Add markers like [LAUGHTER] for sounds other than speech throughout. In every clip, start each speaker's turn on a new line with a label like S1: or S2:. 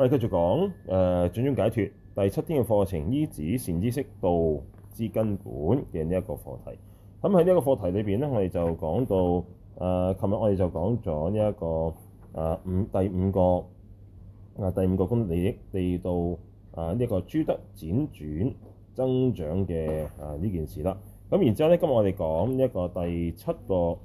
S1: 我哋繼續講，誒掌中解脱第七天嘅課程，依止善知識道之根本嘅呢一個課題。咁喺呢一個課題裏邊咧，我哋就講到，誒、呃，琴日我哋就講咗呢一個，誒、呃、五第五個，啊第五個功德利益，地道啊呢一、這個諸德輾轉增長嘅啊呢件事啦。咁、嗯、然之後咧，今日我哋講一個第七個，誒、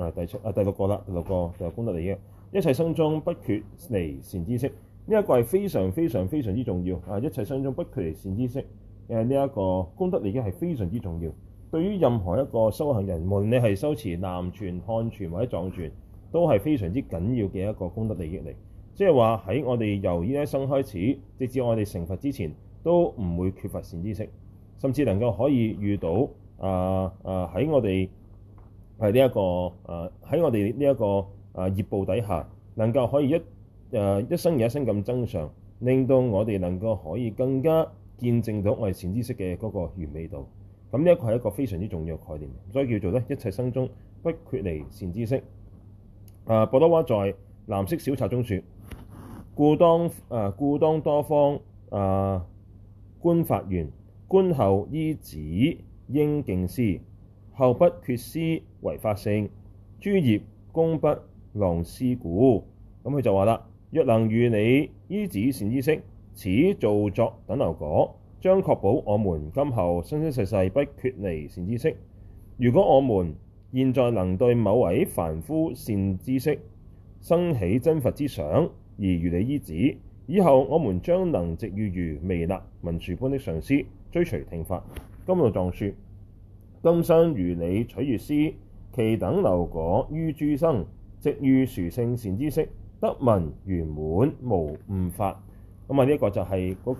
S1: 啊、第七啊第六個啦，第六個就係,個六,個六個功德利益，一切生中不缺離善知識。呢一個係非常非常非常之重要啊！一切生中不缺離善知識，誒呢一個功德利益係非常之重要。對於任何一個修行人，無論你係修持南傳、漢傳或者藏傳，都係非常之緊要嘅一個功德利益嚟。即係話喺我哋由呢一生開始，直至我哋成佛之前，都唔會缺乏善知識，甚至能夠可以遇到啊啊！喺、呃呃、我哋喺呢一個喺、呃、我哋呢一個啊、呃呃、業報底下，能夠可以一誒一生又一生咁增長，令到我哋能夠可以更加見證到我哋善知識嘅嗰個完美度。咁呢一個係一個非常之重要嘅概念，所以叫做咧一切生中不缺離善知識。博朵瓦在藍色小冊中說：故當故當多方觀、啊、法緣，觀後依止應敬師，後不缺師為法性，諸業功不浪施故。咁、嗯、佢就話啦。若能如理依止善知識，此造作等流果，將確保我們今後生生世世不缺離善知識。如果我們現在能對某位凡夫善知識生起真佛之想而如理依止，以後我們將能值遇如彌勒文殊般的上師，追隨聽法。甘露藏說：今生如理取悅師，其等流果於諸生值遇殊勝善知識，得聞圓滿無誤法，咁啊呢一個就係嗰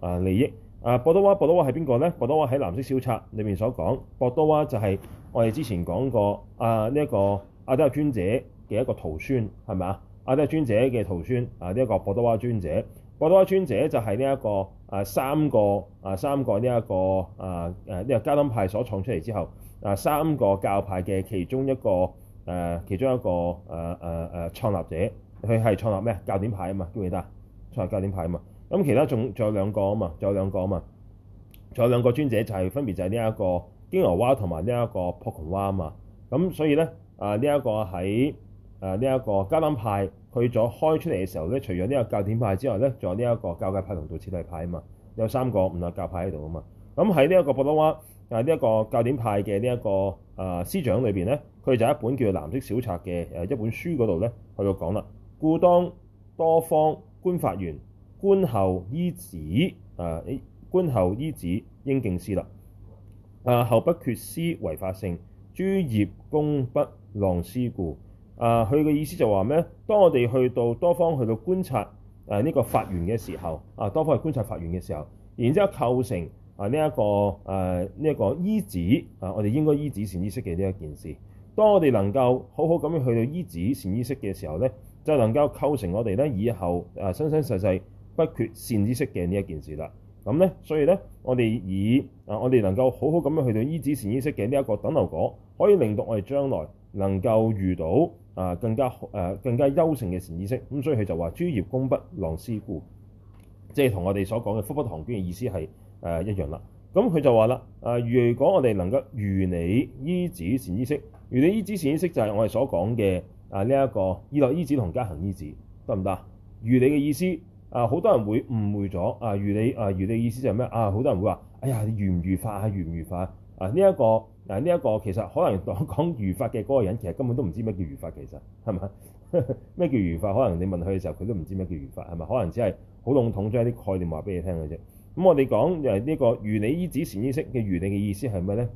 S1: 個利益啊。博朵瓦，博朵瓦係邊個咧？博朵瓦喺藍色小冊裏面所講，博朵瓦就係我哋之前講過啊呢一，這個阿底峽尊者嘅一個徒孫，係咪啊？阿底峽尊者嘅徒孫啊呢一個博朵瓦尊者，博朵瓦尊者就係呢一個啊三個啊三個呢、這、一個啊誒呢、這個噶當派所創出嚟之後啊三個教派嘅其中一個誒、啊、其中一個誒誒誒創立者。佢係創立咩啊？教典派啊嘛，記唔記得？創立教典派啊嘛。咁其他仲仲有兩個啊嘛，仲有兩個啊嘛，仲有兩個尊者就係、是、分別就係呢一個京俄瓦同埋呢一個普窮瓦啊嘛。咁所以咧啊，呢、呃、一、這個喺啊呢一個加丹派去咗開出嚟嘅時候咧，除咗呢個教典派之外咧，仲有呢一個教界派同道次第派啊嘛，有三個唔同教派喺度啊嘛。咁喺呢一個博朵瓦啊呢一個教典派嘅、這個呃、呢一個啊師長裏邊咧，佢就一本叫做藍色小冊嘅誒、呃、一本書嗰度咧，佢就講啦。故當多方觀法緣，觀後依止、啊！觀後依止應敬師啦，啊，後不缺師為法性，諸業功不浪施故。啊，佢嘅意思就話咩咧？當我哋去到多方去到觀察誒呢、啊這個法緣嘅時候，啊，多方去觀察法緣嘅時候，然之後構成啊呢一、這個誒呢一個依止啊，我哋應該依止善知識嘅呢一件事。當我哋能夠好好咁樣去到依止善知識嘅時候咧。就係能夠構成我哋咧以後誒生生世世不缺善知識嘅呢一件事啦。咁咧，所以咧我哋以誒我哋能夠好好咁樣去到依止善知識嘅呢一個等流果，可以令到我哋將來能夠遇到啊更加誒更加優勝嘅善知識。咁所以佢就話：諸業功不浪施故，即係同我哋所講嘅福不唐捐嘅意思係誒一樣啦。咁佢就話啦：誒如果我哋能夠如理依止善知識，如理依止善知識就係我哋所講嘅。啊！呢、這、一個意樂依止同加行依止得唔得？如理嘅意思啊，好多人會誤會咗啊！如理啊，如理嘅、啊、意思就係咩啊？好多人會話：哎呀，你如唔如法啊？如唔如法啊？呢一個啊，呢、這、一個、啊這個、其實可能講講如法嘅嗰個人，其實根本都唔知咩叫如法，其實係咪？咩 [LAUGHS] 叫如法？可能你問佢嘅時候，佢都唔知咩叫如法，係咪？可能只係好籠統將一啲概念話俾你聽嘅啫。咁我哋講誒呢個如理依止善知識嘅如理嘅意思係咩咧？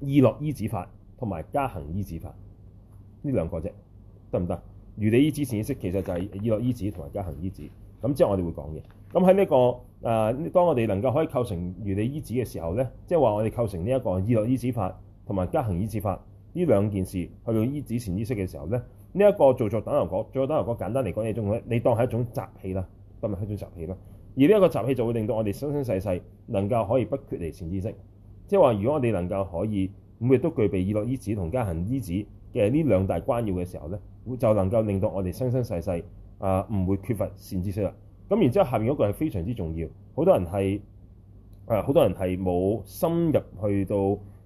S1: 意樂依止法同埋加行依止法。呢兩個啫，得唔得？如理依止善知識，其實就係意樂依止同埋加行依止。咁之後我哋會講嘅。咁喺呢一個誒、呃，當我哋能夠可以構成如理依止嘅時候咧，即係話我哋構成呢一個意樂依止法同埋加行依止法呢兩件事去到「依止善知識嘅時候咧，呢、這、一個造作等流果，造作等流果簡單嚟講，你仲可你當係一種習氣啦，咁咪係一種習氣咯。而呢一個習氣就會令到我哋生生世世能夠可以不缺離善知識。即係話，如果我哋能夠可以每日都具備意樂依止同加行依止。嘅呢兩大關要嘅時候呢，就會能夠令到我哋生生世世啊、呃、唔會缺乏善知識啦。咁然之後下面嗰句係非常之重要，好多人係、呃、好多人係冇深入去到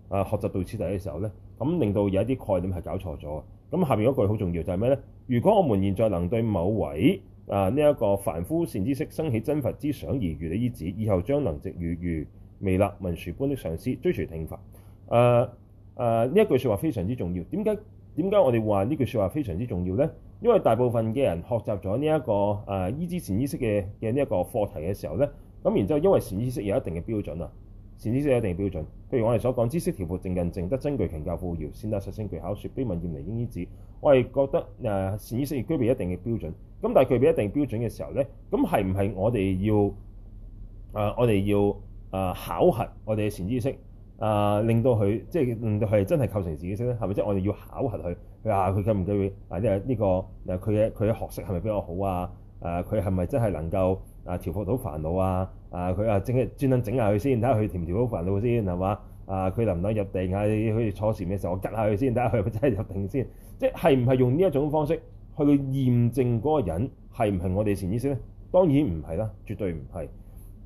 S1: 啊、呃、學習到徹底嘅時候呢，咁、嗯、令到有一啲概念係搞錯咗。咁下面嗰句好重要就係咩呢？如果我們現在能對某位啊呢一個凡夫善知識生起真佛之想而如理依止，以後將能值遇如彌勒、文殊般的上師追隨聽法。呢、呃呃、一句說話非常之重要，點解？點解我哋話呢句説話非常之重要咧？因為大部分嘅人學習咗呢一個誒、呃、依止善知識嘅嘅呢一個課題嘅時候咧，咁然之後因為善知識有一定嘅標準啊，善知識有一定嘅標準。譬如我哋所講，知識調伏、近、靜、德增、具、勤教、富饒、善達實性、具巧說、悲體、離厭應依止。我哋覺得誒、呃、善知識亦都具備一定嘅標準。咁但係具備一定的標準嘅時候咧，咁係唔係我哋要、呃、我哋要、呃、考核我哋嘅善知識？啊、呃！令到佢即係令到佢真係構成自己識咧，係咪？即係我哋要考核佢，佢啊、這個，佢記唔記住啊？呢個呢個佢嘅佢嘅學識係咪比較好啊？誒、呃，佢係咪真係能夠誒、啊、調伏到煩惱啊？誒，佢啊，整嘅專登整下佢先，睇下佢調唔調到煩惱先係嘛？啊，佢能唔能入定啊？佢坐禪嘅時候，我吉下佢先，睇下佢係咪真係入定先？即係唔係用呢一種方式去驗證嗰個人係唔係我哋善知識咧？當然唔係啦，絕對唔係誒，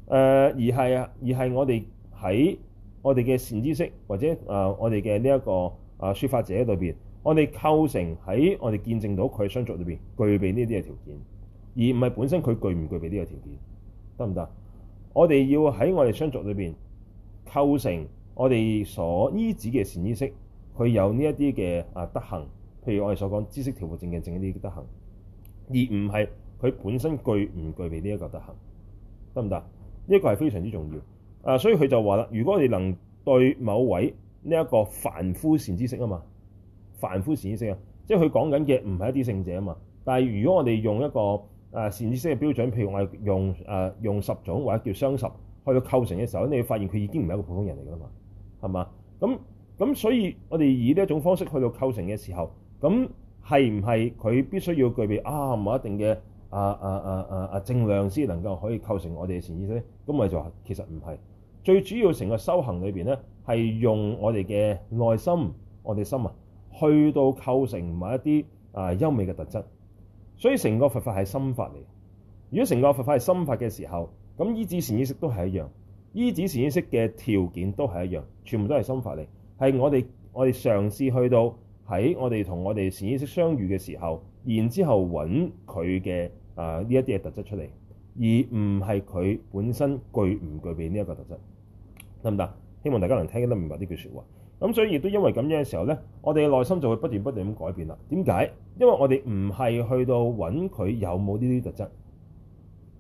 S1: 而係而係我哋喺。我哋嘅善知識或者誒我哋嘅呢一個誒說法者裏邊，我哋構成喺我哋見證到佢嘅相續裏邊具備呢啲嘅條件，而唔係本身佢具唔具備呢個條件，得唔得？我哋要喺我哋相續裏邊構成我哋所依止嘅善知識，佢、呃這個啊、有呢一啲嘅啊德行，譬如我哋所講知識調伏、正見正一啲德行，而唔係佢本身具唔具備呢一個德行，得唔得？呢、這、一個係非常之重要。啊，所以佢就話啦，如果我哋能對某位呢一個凡夫善知識啊嘛，凡夫善知識啊，即係佢講緊嘅唔係一啲聖者啊嘛。但係如果我哋用一個誒善知識嘅標準，譬如我係用誒、呃、用十種或者叫雙十去到構成嘅時候，你會發現佢已經唔係一個普通人嚟㗎啦嘛，係嘛？咁咁，所以我哋以呢一種方式去到構成嘅時候，咁係唔係佢必須要具備啊某一定嘅啊啊啊啊啊正量先能夠可以構成我哋嘅善知識？咁我哋就話其實唔係。最主要成個修行裏邊呢，係用我哋嘅內心、我哋心啊，去到構成某一啲啊優美嘅特質。所以成個佛法係心法嚟。如果成個佛法係心法嘅時候，咁依止善知識都係一樣。依止善知識嘅條件都係一樣，全部都係心法嚟。係我哋我哋嘗試去到喺我哋同我哋善知識相遇嘅時候，然之後揾佢嘅啊呢一啲嘅特質出嚟，而唔係佢本身具唔具備呢一個特質。得唔得？希望大家能聽得明白呢句説話。咁，所以亦都因為咁樣嘅時候咧，我哋嘅內心就會不斷不斷咁改變啦。點解？因為我哋唔係去到揾佢有冇呢啲特質。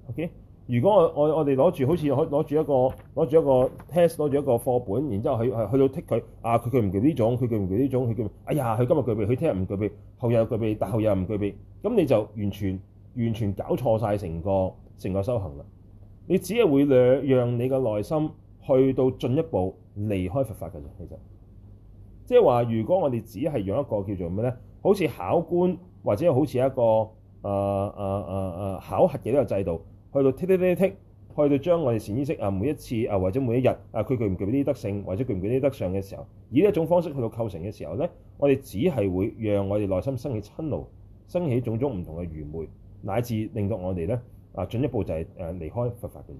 S1: OK，如果我我我哋攞住好似攞住一個攞住一個 test，攞住一個課本，然之後去去到剔佢啊，佢佢唔具呢種，佢具唔具呢種，佢叫哎呀，佢今日具備，佢聽日唔具備，後日又具備，但後日唔具備，咁你就完全完全搞錯晒成個成個修行啦。你只係會讓你嘅內心。去到進一步離開佛法嘅啫，其實即係話，如果我哋只係用一個叫做咩咧，好似考官或者好似一個誒誒誒誒考核嘅呢個制度，去到剔剔剔剔，去到將我哋善知識啊每一次啊或者每一日啊，佢具唔具呢啲德性或者具唔具呢啲德相嘅時候，以呢一種方式去到構成嘅時候咧，我哋只係會讓我哋內心生起嗔怒，生起種種唔同嘅愚昧，乃至令到我哋咧啊進一步就係誒離開佛法嘅啫。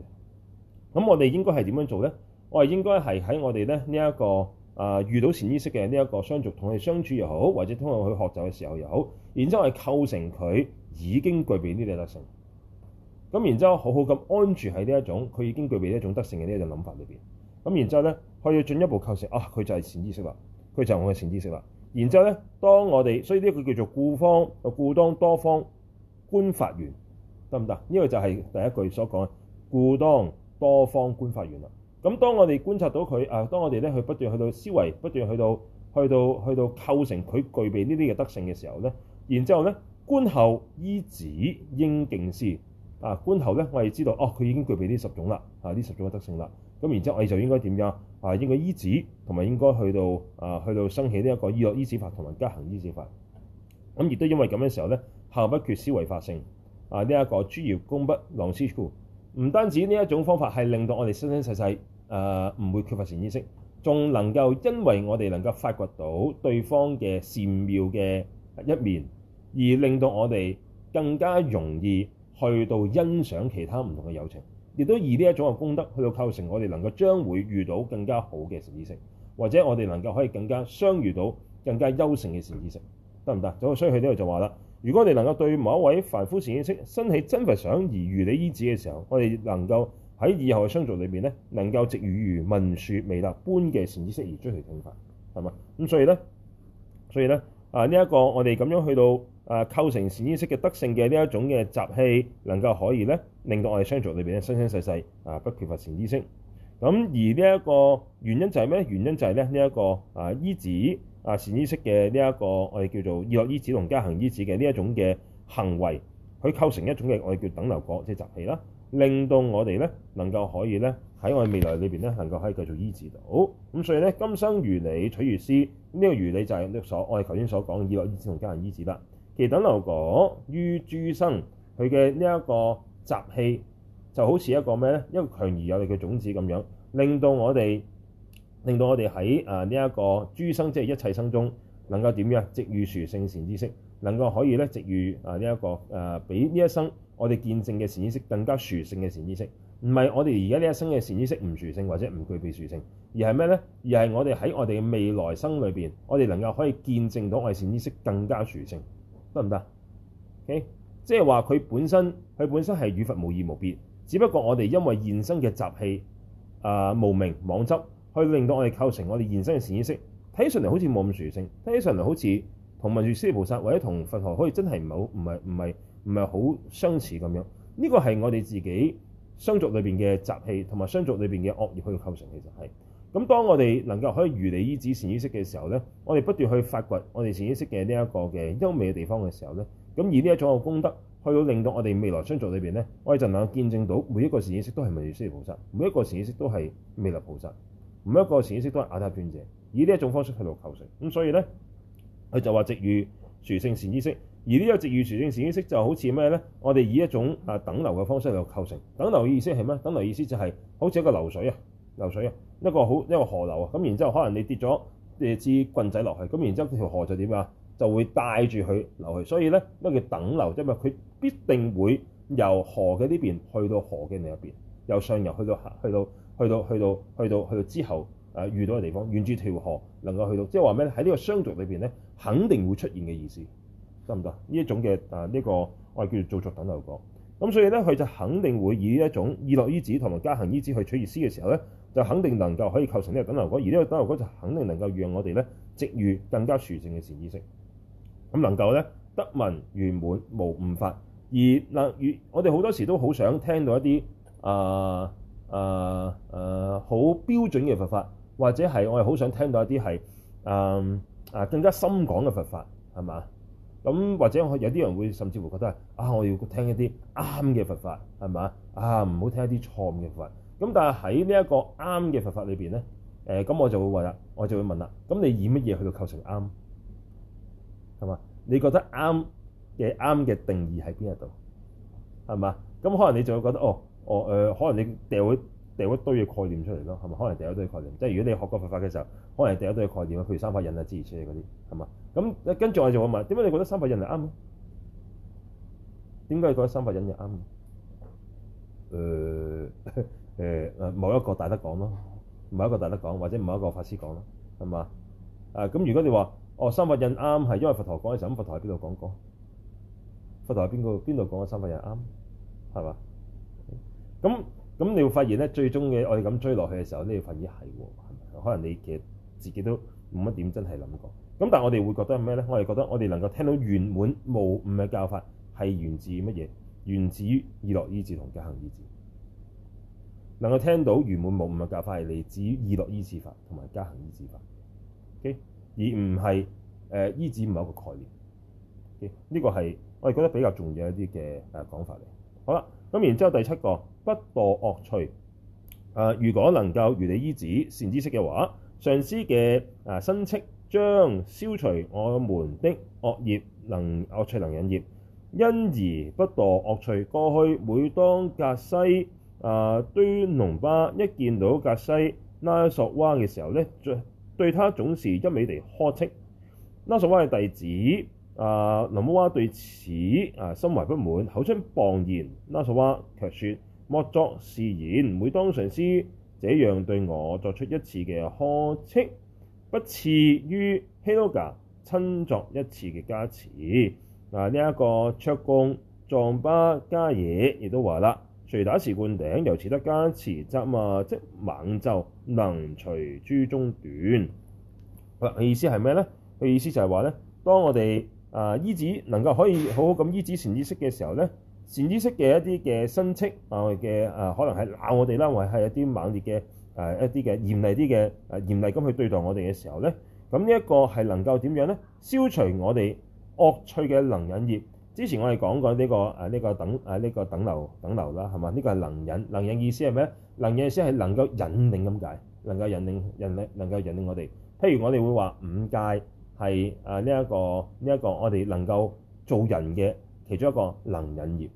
S1: 咁我哋應該係點樣做咧？我係應該係喺我哋咧呢一個啊、呃、遇到善知識嘅呢一個相續同佢相處又好，或者通過佢學習嘅時候又好，然之後係構成佢已經具備呢啲特性。咁然之後好好咁安住喺呢一種佢已經具備一種德性嘅呢一種諗法裏面。咁然之後咧可以進一步構成啊，佢就係善知識啦，佢就係我嘅善知識啦。然之後咧，當我哋所以呢個叫做故方故當多方觀法緣得唔得？呢、這個就係第一句所講嘅故當多方觀法緣啦，咁當我哋觀察到佢啊，當我哋咧去不斷去到思維，不斷去到去到去到構成佢具備呢啲嘅德性嘅時候咧，然之後咧觀後依止應敬師啊，觀後咧我哋知道哦，佢已經具備呢十種啦，啊呢十種嘅德性啦，咁、啊、然之後我哋就應該點樣啊？應該依止，同埋應該去到啊去到生起呢一個意樂依止法同埋加行依止法，咁、啊、亦都因為咁嘅時候咧，後不缺師為法性啊呢一、這個諸業功不浪施故。唔單止呢一種方法係令到我哋生生世世誒唔會缺乏善知識，仲能夠因為我哋能夠發掘到對方嘅善妙嘅一面，而令到我哋更加容易去到欣賞其他唔同嘅友情，亦都以呢一種嘅功德去到構成我哋能夠將會遇到更加好嘅善知識，或者我哋能夠可以更加相遇到更加優勝嘅善知識，得唔得？所以佢呢度就話啦。如果我哋能夠對某一位凡夫善知識生起真佛想而如理依止嘅時候，我哋能夠喺以後嘅相續裏邊咧，能夠值遇如文殊彌勒般嘅善知識而追求聽法，係嘛？咁所以咧，所以咧，啊呢一個我哋咁樣去到啊構成善知識嘅德性嘅呢一種嘅習氣，能夠可以咧令到我哋相續裏邊咧生生世世啊不缺乏善知識。咁、啊、而呢一個原因就係咩？原因就係咧呢一個啊依止。啊善知識嘅呢一個我哋叫做意樂依止同加行依止嘅呢一種嘅行為，佢構成一種嘅我哋叫等流果，即係習氣啦，令到我哋咧能夠可以咧喺我哋未來裏邊咧能夠可以叫做「依止到。咁所以咧，今生如理取悅師，呢、這個如理就係呢所我哋頭先所講意樂依止同加行依止啦。其實等流果於諸生，佢嘅呢一個習氣就好似一個咩咧，一個強而有力嘅種子咁樣，令到我哋。令到我哋喺呢一個諸生，即係一切生中，能夠點樣值遇殊勝善知識，能夠可以咧值遇啊呢一個、呃、比呢一生我哋見證嘅善知識更加殊勝嘅善知識，唔係我哋而家呢一生嘅善知識唔殊勝，或者唔具備殊勝，而係咩咧？而係我哋喺我哋嘅未來生裏面，我哋能夠可以見證到我哋善知識更加殊勝。得唔得？OK，即係話佢本身佢本身係與佛無異無別，只不過我哋因為現生嘅習氣啊、呃、無明妄執。去令到我哋構成我哋現身嘅善知識，睇起上嚟好似冇咁殊勝，睇起上嚟好似同文殊師利菩薩或者同佛陀可以真係唔係唔唔唔好相似咁樣。呢個係我哋自己相續裏面嘅習氣同埋相續裏面嘅惡業去構成其實係。咁當我哋能夠可以如理依止善知識嘅時候咧，我哋不斷去發掘我哋善知識嘅呢一個嘅優、這個、美嘅地方嘅時候咧，咁而呢一種嘅功德去到令到我哋未來相續裏面咧，我哋就能見證到每一個善知識都係文殊師利菩薩，每一個善知識都係彌勒菩薩。唔一個善知識都係亞太斷者，以呢一種方式去度構成，咁所以咧，佢就話值遇殊勝善知識，而呢一值遇殊勝善知識就好似咩咧？我哋以一種啊等流嘅方式嚟度構成，等流嘅意思係咩？等流意思就係、是、好似一個流水啊，流水啊，一個好一個河流啊，咁然之後可能你跌咗嘢支棍仔落去，咁然之後這條河就點啊？就會帶住佢流去，所以咧乜、這個、叫等流？因為佢必定會由河嘅呢邊去到河嘅另一邊，由上游去到去到，去到去到去到去到之後，誒遇到嘅地方，遠住條河能夠去到，即係話咩喺呢個商族裏邊咧，肯定會出現嘅意思，得唔得？呢一種嘅誒呢個我哋叫做造作等流果。咁所以咧，佢就肯定會以一種意樂依止同埋加行依止去取悅師嘅時候咧，就肯定能夠可以構成呢個等流果，而呢個等流果就肯定能夠讓我哋咧，值遇更加殊勝嘅善知識，咁能夠咧得聞、圓滿無誤法。而嗱與、呃、我哋好多時都好想聽到一啲誒。呃誒誒，好、呃呃、標準嘅佛法，或者係我哋好想聽到一啲係誒誒更加深廣嘅佛法，係嘛？咁或者有啲人會甚至乎覺得啊，我要聽一啲啱嘅佛法，係嘛？啊，唔好聽一啲錯誤嘅佛法。咁但係喺呢一個啱嘅佛法裏邊咧，誒，咁我就會話啦，我就會問啦，咁你以乜嘢去到構成啱？係嘛？你覺得啱嘅啱嘅定義喺邊一度？係嘛？咁可能你就會覺得哦。哦誒、呃，可能你掉一掉一堆嘅概念出嚟咯，係咪？可能掉一堆嘅概念，即係如果你學過佛法嘅時候，可能係掉一堆嘅概念，譬如三法印啊、之餘出嚟嗰啲，係嘛？咁跟住我就問：點解你覺得三法印係啱？點解你覺得三法印係啱？誒誒誒，某一個大德講咯，某一個大德講，或者某一個法師講咯，係嘛？啊咁，如果你話哦三法印啱係因為佛陀講嘅時候，佛陀喺邊度講過？佛陀喺邊個邊度講嘅三法印啱係嘛？咁咁，你會發現咧、哦，最終嘅我哋咁追落去嘅時候，呢份嘢係喎，係咪？可能你其實自己都冇乜點真係諗過。咁但我哋會覺得咩咧？我哋覺得我哋能夠聽到圓滿無誤嘅教法係源自乜嘢？源自於意樂依止同加行依止。能夠聽到圓滿無誤嘅教法係嚟自於意樂依止法同埋加行依止法。O、okay? 而唔係誒依止唔係一個概念。O、okay? 呢個係我哋覺得比較重要一啲嘅誒講法嚟。好啦，咁然之後第七個。不墮惡趣。誒、呃，如果能夠如理依止善知識嘅話，上師嘅誒申斥將消除我們的惡業能、惡能惡趣、能引業，因而不墮惡趣。過去每當格西誒堆隴巴一見到格西拉索瓦嘅時候咧，對他總是一味地呵斥。拉索瓦嘅弟子阿、啊、娘摩瓦對此誒、啊、心懷不滿，口出謗言。拉索瓦卻說。莫作是言，每當上師這樣對我作出一次嘅呵斥，不啻於嘿汝嘎親作一次嘅加持。嗱呢一個卓貢藏巴嘉惹亦都話啦：捶打是灌頂，由此得加持，責罵即猛咒，能除諸中斷。啊、意思係咩呢？佢意思就係話呢：「當我哋啊依止能夠可以好好咁依止善知識嘅時候呢。」善知識嘅一啲嘅申斥啊嘅啊，可能係鬧我哋啦，或係一啲猛烈嘅誒一啲嘅嚴厲啲嘅誒嚴厲咁去對待我哋嘅時候咧，咁、這個、呢一個係能夠點樣咧？消除我哋惡趣嘅能引業。之前我哋講過呢、這個誒呢、這個等誒呢、這個等流等流啦，係嘛？呢、這個係能引，能引意思係咩？能引意思係能夠引領咁解，能夠引領引領能夠引領我哋。譬如我哋會話五戒係誒呢一個呢一、這個我哋能夠做人嘅其中一個能引業。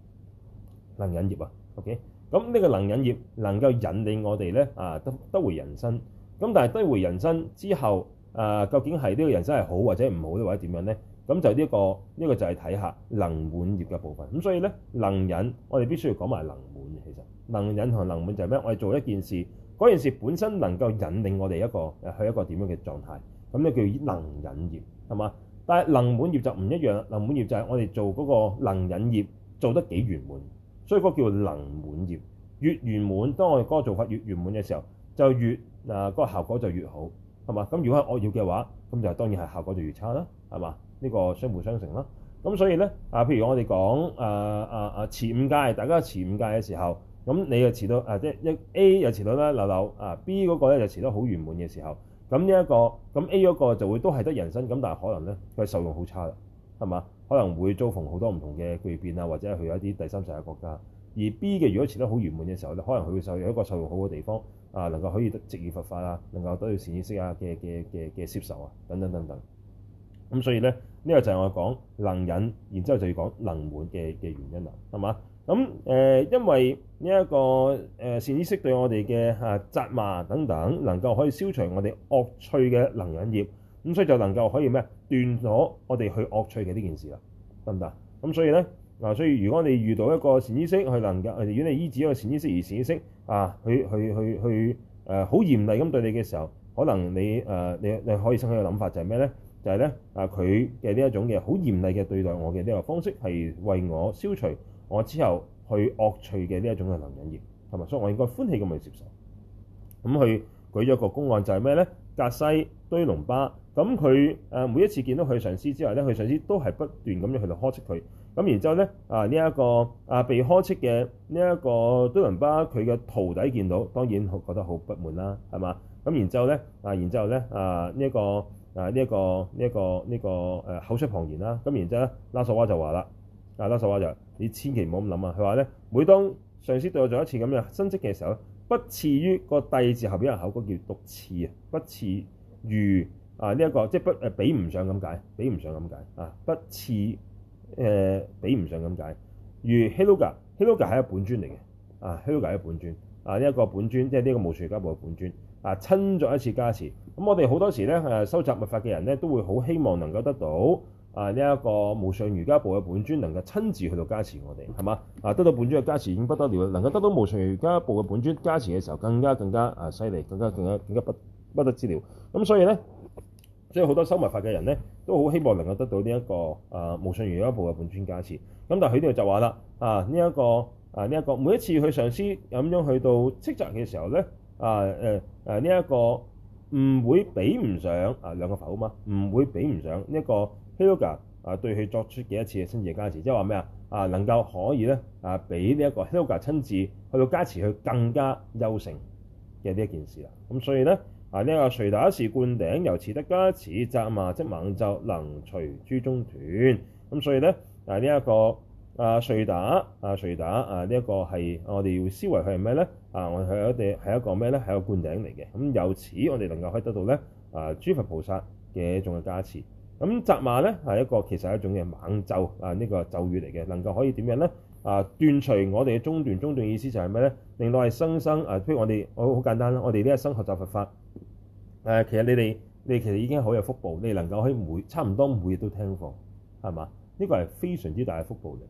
S1: 能引業啊，OK，咁呢個能引業能夠引領我哋咧啊，得得回人生。咁但係得回人生之後啊，究竟係呢個人生係好或者唔好咧，或者點樣咧？咁就呢個、呢個就係睇下能滿業嘅部分。咁所以咧，能引我哋必須要講埋能滿。其實能引同能滿就係咩？我哋做一件事，嗰件事本身能夠引領我哋一個去一個點樣嘅狀態，咁呢叫能引業係嘛？但係能滿業就唔一樣啦。能滿業就係我哋做嗰個能引業做得幾圓滿？所以嗰叫能滿業，越圓滿，當我哋嗰個做法越圓滿嘅時候，就越嗱、啊那個效果就越好，係嘛？咁如果係我要嘅話，咁就當然係效果就越差啦，係嘛？呢、這個相輔相成啦。咁所以咧，啊，譬如我哋講啊啊啊持五戒，大家持五戒嘅時候，咁你又持到啊，即係 A 又持到啦，漏漏啊，B 嗰個咧就持到好圓滿嘅時候，咁呢一個咁 A 嗰個就會都係得人身咁，但係可能咧佢受用好差啦，係嘛？可能會遭逢好多唔同嘅巨變啊，或者去一啲第三世界國家。而 B 嘅如果持得好圓滿嘅時候咧，可能佢會受喺一個受用好嘅地方啊，能夠可以得值遇佛法啊，能夠得到善知識啊嘅嘅嘅嘅接受啊，等等等等。咁所以咧，呢、這個就係我講能引，然之後就要講能滿嘅嘅原因啊，係嘛？咁誒、呃，因為呢一個誒善知識對我哋嘅啊責罵等等，能夠可以消除我哋惡趣嘅能引業。咁所以就能夠可以咩啊斷咗我哋去惡趣嘅呢件事啦，得唔得？咁所以咧嗱，所以如果你遇到一個善知識，佢能夠，如果你依止一個善知識而善知識啊，去去去去誒，好、呃、嚴厲咁對你嘅時候，可能你誒、呃、你你可以生起嘅諗法就係咩咧？就係、是、咧啊，佢嘅呢一種嘅好嚴厲嘅對待我嘅呢個方式，係為我消除我之後去惡趣嘅呢一種嘅能引業，同埋所以我應該歡喜咁去接受。咁佢舉咗一個公案就係咩咧？格西堆龍巴，咁佢誒每一次見到佢上司之後咧，佢上司都係不斷咁樣去度呵斥佢，咁然之後咧啊呢一個啊被呵斥嘅呢一個堆龍巴，佢嘅徒弟見到，當然好覺得好不滿啦，係嘛？咁然之後咧啊，然之後咧啊呢一個啊呢一個呢一個啊呢個誒、啊、口出謗言啦，咁然之後咧，拉索瓦就話啦，啊拉索瓦就說你千祈唔好咁諗啊，佢話咧每當上司對我做一次咁樣升職嘅時候咧。不啻於個帝字後邊人口嗰叫讀啻啊，這個、啊，不啻於啊呢一個即係不誒比唔上咁解，比唔上咁解啊不啻誒比唔上咁解，如嘿汝嘎嘿汝嘎係一本尊嚟嘅啊嘿汝嘎一本尊啊呢一，這個本尊即係呢個冇附家部嘅本尊啊親咗一次加持。咁，我哋好多時咧誒、啊、修習密法嘅人咧都會好希望能夠得到。啊！呢一個無上瑜伽部嘅本尊能夠親自去到加持我哋，係嘛？啊，得到本尊嘅加持已經不得了，能夠得到無上瑜伽部嘅本尊加持嘅時候更，更加更加啊犀利，更加更加更加不不得之了。咁所以咧，即係好多修密法嘅人咧，都好希望能夠得到呢一個啊無上瑜伽部嘅本尊加持。咁、嗯、但係佢呢度就話啦，啊呢一個啊呢一個，每一次去上師咁樣去到斥責嘅時候咧，啊誒誒呢一個唔會比唔上啊兩個否嘛，唔會比唔上呢一個。嘿汝嘎啊，對佢作出幾多次嘅親自加持，即係話咩啊？啊，能夠可以咧啊，俾呢一個嘿汝嘎親自去到加持佢更加優勝嘅呢一件事啦。咁、嗯、所以咧啊，呢、這、一個捶打是灌頂，由此得加持，責罵即猛咒，能除諸中斷。咁、嗯、所以咧啊，呢、這、一個啊捶打啊捶打啊，呢一、啊這個係我哋要思維佢係咩咧？啊，我哋佢有哋係一個咩咧？係一個灌頂嚟嘅。咁、嗯、由此我哋能夠可以得到咧啊，諸佛菩薩嘅一種嘅加持。咁責、嗯、罵咧係一個其實係一種嘅猛咒啊！呢、呢個咒語嚟嘅，能夠可以點樣咧啊？斷除我哋嘅中斷。中斷意思就係咩咧？令到係生生啊！譬如我哋我好簡單啦，我哋呢一生學習佛法誒、啊，其實你哋你其實已經好有福報，你能夠可以每差唔多每日都聽課係嘛？呢、呢個係非常之大嘅福報嚟。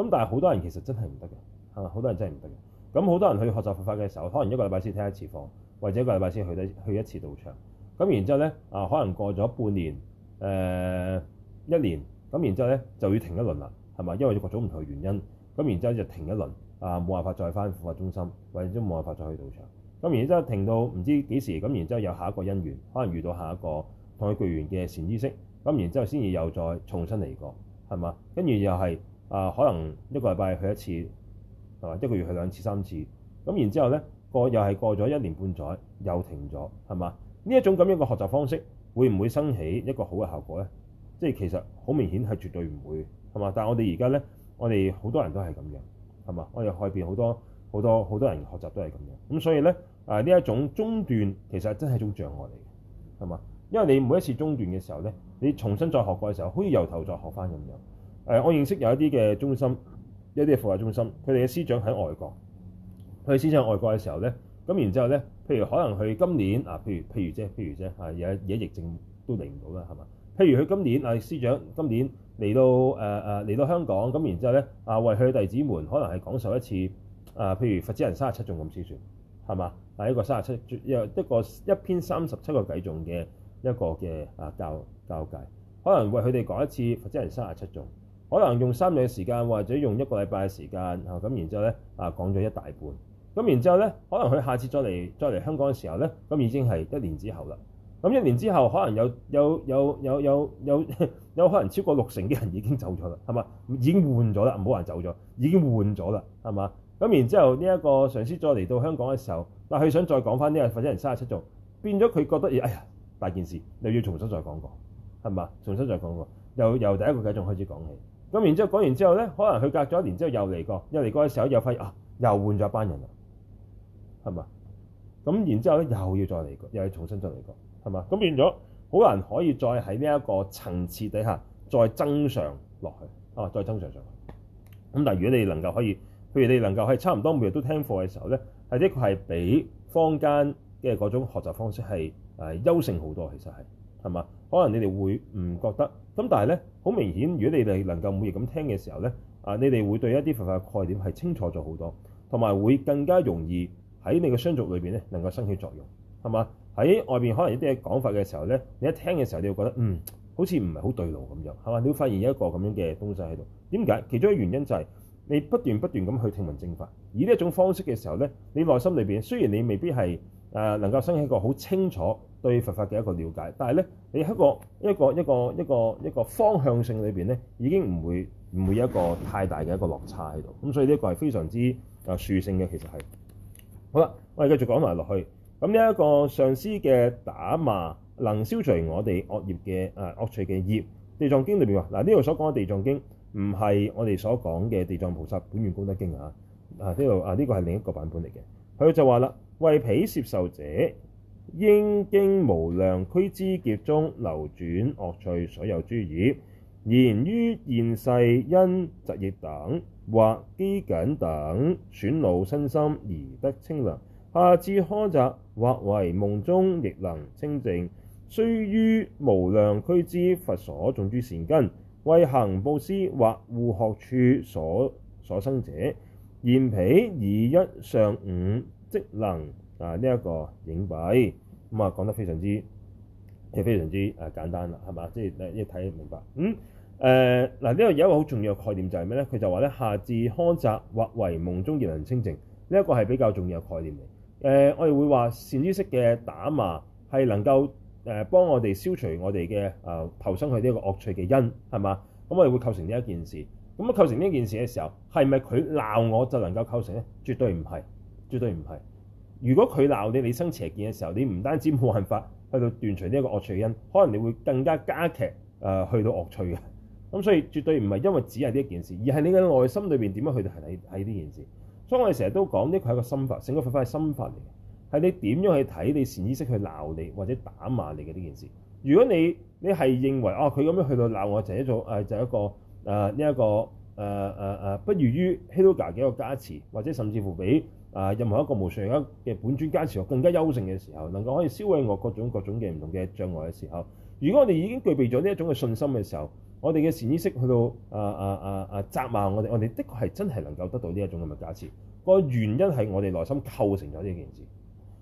S1: 咁但係好多人其實真係唔得嘅啊！好多人真係唔得嘅。咁好多人去學習佛法嘅時候，可能一個禮拜先聽一次課，或者一個禮拜先去得去一次道場。咁然之後咧啊，可能過咗半年。誒、呃、一年，咁然之後咧就要停一輪啦，係嘛？因為各種唔同嘅原因，咁然之後就停一輪，啊冇辦法再翻佛法中心，或者都冇辦法再去道場。咁然之後停到唔知幾時，咁然之後有下一個因緣，可能遇到下一個同佢具緣嘅善知識，咁然之後先至又再重新嚟過，係嘛？跟住又係啊、呃，可能一個禮拜去一次，係嘛？一個月去兩次、三次，咁然之後咧過又係過咗一年半載，又停咗，係嘛？呢一種咁樣嘅學習方式。會唔會生起一個好嘅效果咧？即係其實好明顯係絕對唔會，係嘛？但係我哋而家咧，我哋好多人都係咁樣，係嘛？我哋外邊好多好多好多人學習都係咁樣。咁所以咧，誒、呃、呢一種中斷其實真係種障礙嚟嘅，係嘛？因為你每一次中斷嘅時候咧，你重新再學過嘅時候，可以由頭再學翻咁樣。誒、呃，我認識有一啲嘅中心，一啲嘅附立中心，佢哋嘅師長喺外國，佢哋師長喺外國嘅時候咧，咁然之後咧。譬如可能佢今年啊，譬如譬如啫，譬如啫，啊，有有疫症都嚟唔到啦，係嘛？譬如佢今年啊，師長今年嚟到誒誒嚟到香港，咁然後之後咧，啊為佢弟子們可能係講授一次啊，譬如佛子行三十七頌咁之算，係嘛？啊一個三十七，又一個一篇三十七個偈頌嘅一個嘅啊交交界，可能為佢哋講一次佛子行三十七頌，可能用三日時間或者用一個禮拜嘅時間啊，咁然後之後咧啊講咗一大半。咁然之後咧，可能佢下次再嚟再嚟香港嘅時候咧，咁已經係一年之後啦。咁一年之後，可能有有有有有有 [LAUGHS] 有可能超過六成嘅人已經走咗啦，係嘛？已經換咗啦，唔好話走咗，已經換咗啦，係嘛？咁然之後呢、這、一個上師再嚟到香港嘅時候，嗱，佢想再講翻呢個佛子行三十七頌，變咗佢覺得，哎呀大件事，你要重新再講過係嘛？重新再講過又由第一個階段開始講起。咁然之後講完之後咧，可能佢隔咗一年之後又嚟過，又嚟過嘅時候又發現啊，又換咗一班人係嘛？咁然之後咧，又要再嚟過，又要重新再嚟過，係嘛？咁變咗，好難可以再喺呢一個層次底下再增上落去，啊，再增上上去。咁但係如果你能夠可以，譬如你能夠係差唔多每日都聽課嘅時候咧，係的確係比坊間嘅嗰種學習方式係誒優勝好多。其實係係嘛？可能你哋會唔覺得咁，但係咧好明顯，如果你哋能夠每日咁聽嘅時候咧，啊，你哋會對一啲佛法概念係清楚咗好多，同埋會更加容易。喺你嘅相續裏邊咧，能夠生起作用，係嘛？喺外邊可能一啲嘅講法嘅時候咧，你一聽嘅時候，你會覺得嗯，好似唔係好對路咁樣，係嘛？你會發現有一個咁樣嘅東西喺度。點解？其中一個原因就係、是、你不斷不斷咁去聽聞正法，以呢一種方式嘅時候咧，你內心裏邊雖然你未必係誒能夠生起一個好清楚對佛法嘅一個了解，但係咧，你在一個一個一個一個一個方向性裏邊咧，已經唔會唔會有一個太大嘅一個落差喺度。咁所以呢一個係非常之誒舒性嘅，其實係。好啦，我哋繼續講埋落去。咁呢一個上師嘅打罵，能消除我哋惡業嘅誒惡趣嘅業。地藏經裏面話，嗱呢度所講嘅地藏經唔係我哋所講嘅地藏菩薩本願功德經啊。啊呢度啊呢個係另一個版本嚟嘅，佢就話啦：為彼攝受者，應經無量俱胝劫中流轉惡趣所有諸業。然於現世因等，因疾疫等或饑饉等損惱身心而得清涼；下至呵責或為夢中，亦能清靜。雖於無量俱胝佛所種諸善根，為行布施或護學處所所生者，然彼以一上午即能啊呢一、這個映蔽。咁、嗯、啊，講得非常之係非常之啊簡單啦，係嘛？即係一睇明白。嗯。誒嗱，呢度、呃、有一個好重要嘅概念就係咩咧？佢就話咧，下至呵責或唯夢中亦能清淨。呢、這、一個係比較重要嘅概念嚟。誒、呃，我哋會話善知識嘅打罵係能夠誒、呃、幫我哋消除我哋嘅啊投生去呢一個惡趣嘅因係嘛？咁、嗯、我哋會構成呢一件事。咁、嗯、啊構成呢件事嘅時候，係咪佢鬧我就能夠構成咧？絕對唔係，絕對唔係。如果佢鬧你，你生邪見嘅時候，你唔單止冇辦法去到斷除呢一個惡趣嘅因，可能你會更加加劇誒、呃、去到惡趣嘅。咁所以絕對唔係因為只係呢一件事，而係你嘅內心裏邊點樣去睇睇呢件事。所以我哋成日都講呢，係一個心法，成個佛法係心法嚟嘅，係你點樣去睇你善知識去鬧你或者打罵你嘅呢件事。如果你你係認為啊，佢咁樣去到鬧我，就係一種誒，就係一個誒呢一個誒誒誒，不如於嘿汝嘎嘅一個加持，或者甚至乎比啊、呃、任何一個無上級嘅本尊加持我更加優勝嘅時候，能夠可以消解我各種各種嘅唔同嘅障礙嘅時候。如果我哋已經具備咗呢一種嘅信心嘅時候，我哋嘅善知識去到啊啊啊啊責罵我哋，我哋的確係真係能夠得到呢一種咁嘅加持。個原因係我哋內心構成咗呢件事。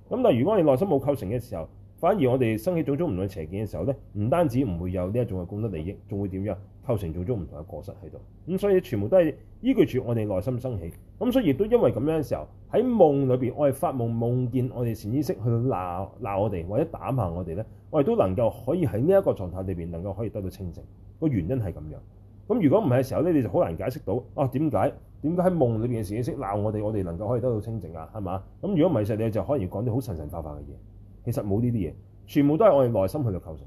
S1: 咁但係如果我哋內心冇構成嘅時候，反而我哋生起種種唔同嘅邪見嘅時候咧，唔單止唔會有呢一種嘅功德利益，仲會點樣？構成做咗唔同嘅過失喺度，咁所以全部都係依據住我哋內心生起咁，所以亦都因為咁樣嘅時候喺夢裏邊，我哋發夢夢見我哋潛意識去鬧鬧我哋或者打下我哋咧，我哋都能夠可以喺呢一個狀態裏邊能夠可以得到清淨個原因係咁樣。咁如果唔係嘅時候咧，你就好難解釋到啊點解點解喺夢裏邊嘅潛意識鬧我哋，我哋能夠可以得到清淨啊？係嘛？咁如果唔係實你就可能要講啲好神神化化嘅嘢。其實冇呢啲嘢，全部都係我哋內心去到構成，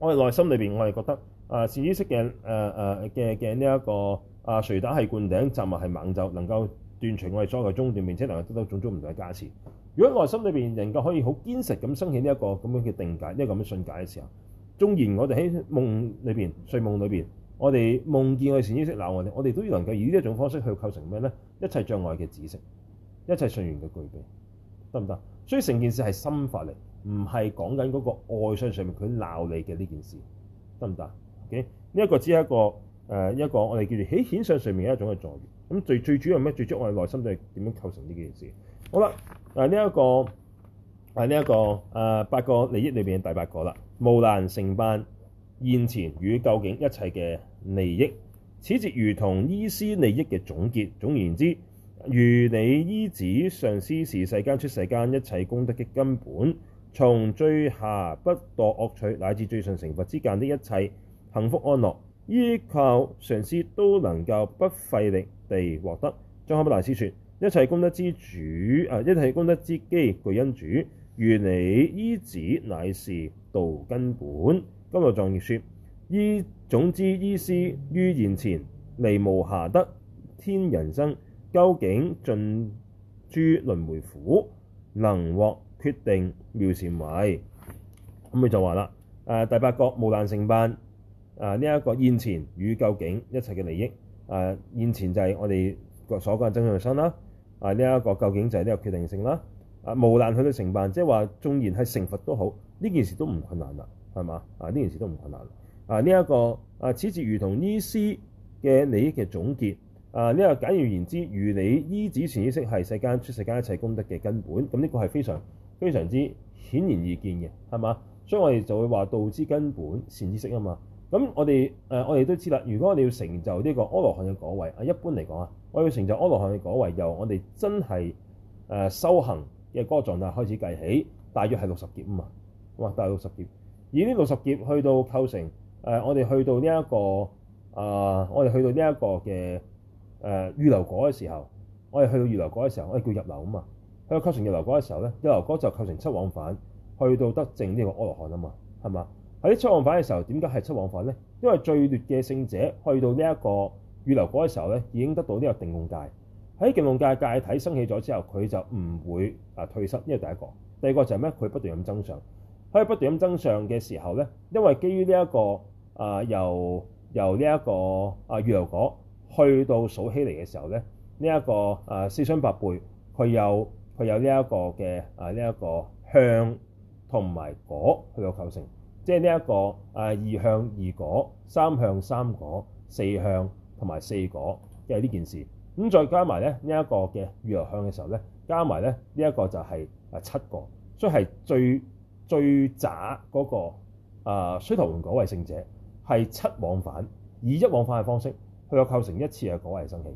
S1: 我哋內心裏邊我哋覺得。意呃、啊！善知識嘅誒誒嘅嘅呢一個啊，捶打係灌頂，集物係猛咒，能夠斷除我哋所求中斷，並且能夠得到種種唔同嘅加持。如果內心裏邊能夠可以好堅實咁生起呢一個咁樣嘅定解，呢、這個咁樣信解嘅時候，縱然我哋喺夢裏邊、睡夢裏邊，我哋夢見我哋善知識鬧我哋，我哋都要能夠以呢一種方式去構成咩咧？一切障礙嘅止息，一切信緣嘅具備，得唔得？所以成件事係心法嚟，唔係講緊嗰個外相上，上面佢鬧你嘅呢件事，得唔得？呢一個只係一個誒一個，呃、一個我哋叫做喺顯相上面嘅一種嘅助緣。咁最最主要係咩？最主要，最主要我哋內心就係點樣構成呢件事。好啦，誒呢一個誒呢一個誒八個利益裏邊第八個啦，無難成辦現前與究竟一切嘅利益。此節如同依師利益嘅總結。總言之，如理依止上師，是世間出世間一切功德嘅根本，從最下不墮惡趣乃至最上成佛之間的一切。幸福安樂，依靠上師都能夠不費力地獲得。宗喀巴大師説：一切功德之主，誒、啊、一切功德之基。具恩主如理依止，乃是道根本。甘露藏亦説依總之依師於現前，離無暇得天人身，究竟盡諸輪迴苦，能獲決定妙善位。咁、嗯、佢就話啦誒第八個無難成辦。啊！呢一個現前與究竟一切嘅利益啊，現前就係我哋個所講嘅增上生啦。啊！呢一個究竟就係呢個決定性啦。啊，無難去到承辦，即係話縱然係成佛都好，呢件事都唔困難啦，係嘛？啊，呢件事都唔困難。啊，呢一個啊，此節如同依師嘅利益嘅總結啊，呢個簡單而言之，如理依止善知識係世間出世間一切功德嘅根本，咁呢個係非常非常之顯然易見嘅，係嘛？所以我哋就會話道之根本善知識啊嘛。是吧咁我哋、呃、我哋都知啦，如果我哋要成就呢個阿羅漢嘅果位，啊，一般嚟講啊，我要成就阿羅漢嘅果位，由我哋真係誒、呃、修行嘅嗰個狀態開始計起，大約係六十劫啊嘛。哇，大約六十劫，而呢六十劫去到構成、呃、我哋去到呢一個啊、呃，我哋去到呢一個嘅誒預流果嘅時候，我哋去到預流果嘅時候，我哋叫入流啊嘛。去到構成入流果嘅時候咧，入流果就構成七往返，去到得證呢個阿羅漢啊嘛，係嘛？喺啲七往返嘅時候，點解係七往返咧？因為最劣嘅勝者去到呢一個預留果嘅時候咧，已經得到呢個定共界，喺定共界界體升起咗之後，佢就唔會啊退失。呢個第一個，第二個就係咩？佢不斷咁增上，可以不斷咁增上嘅時候咧，因為基於呢一個啊、呃、由由呢一個啊預、呃呃、留果去到數起嚟嘅時候咧，呢、這、一個、呃、四個啊四雙八輩，佢有佢有呢一個嘅啊呢一個香同埋果去到構成。即係呢一個誒二向二果三向三果四向同埋四果，即係呢件事。咁再加埋咧呢一、這個嘅預流向嘅時候咧，加埋咧呢一、這個就係誒七個，所以係最最差嗰、那個、呃、須陀洹果位聖者，係七往返，以一往返嘅方式，佢有構成一次嘅果位生起。